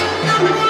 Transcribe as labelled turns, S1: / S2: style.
S1: Música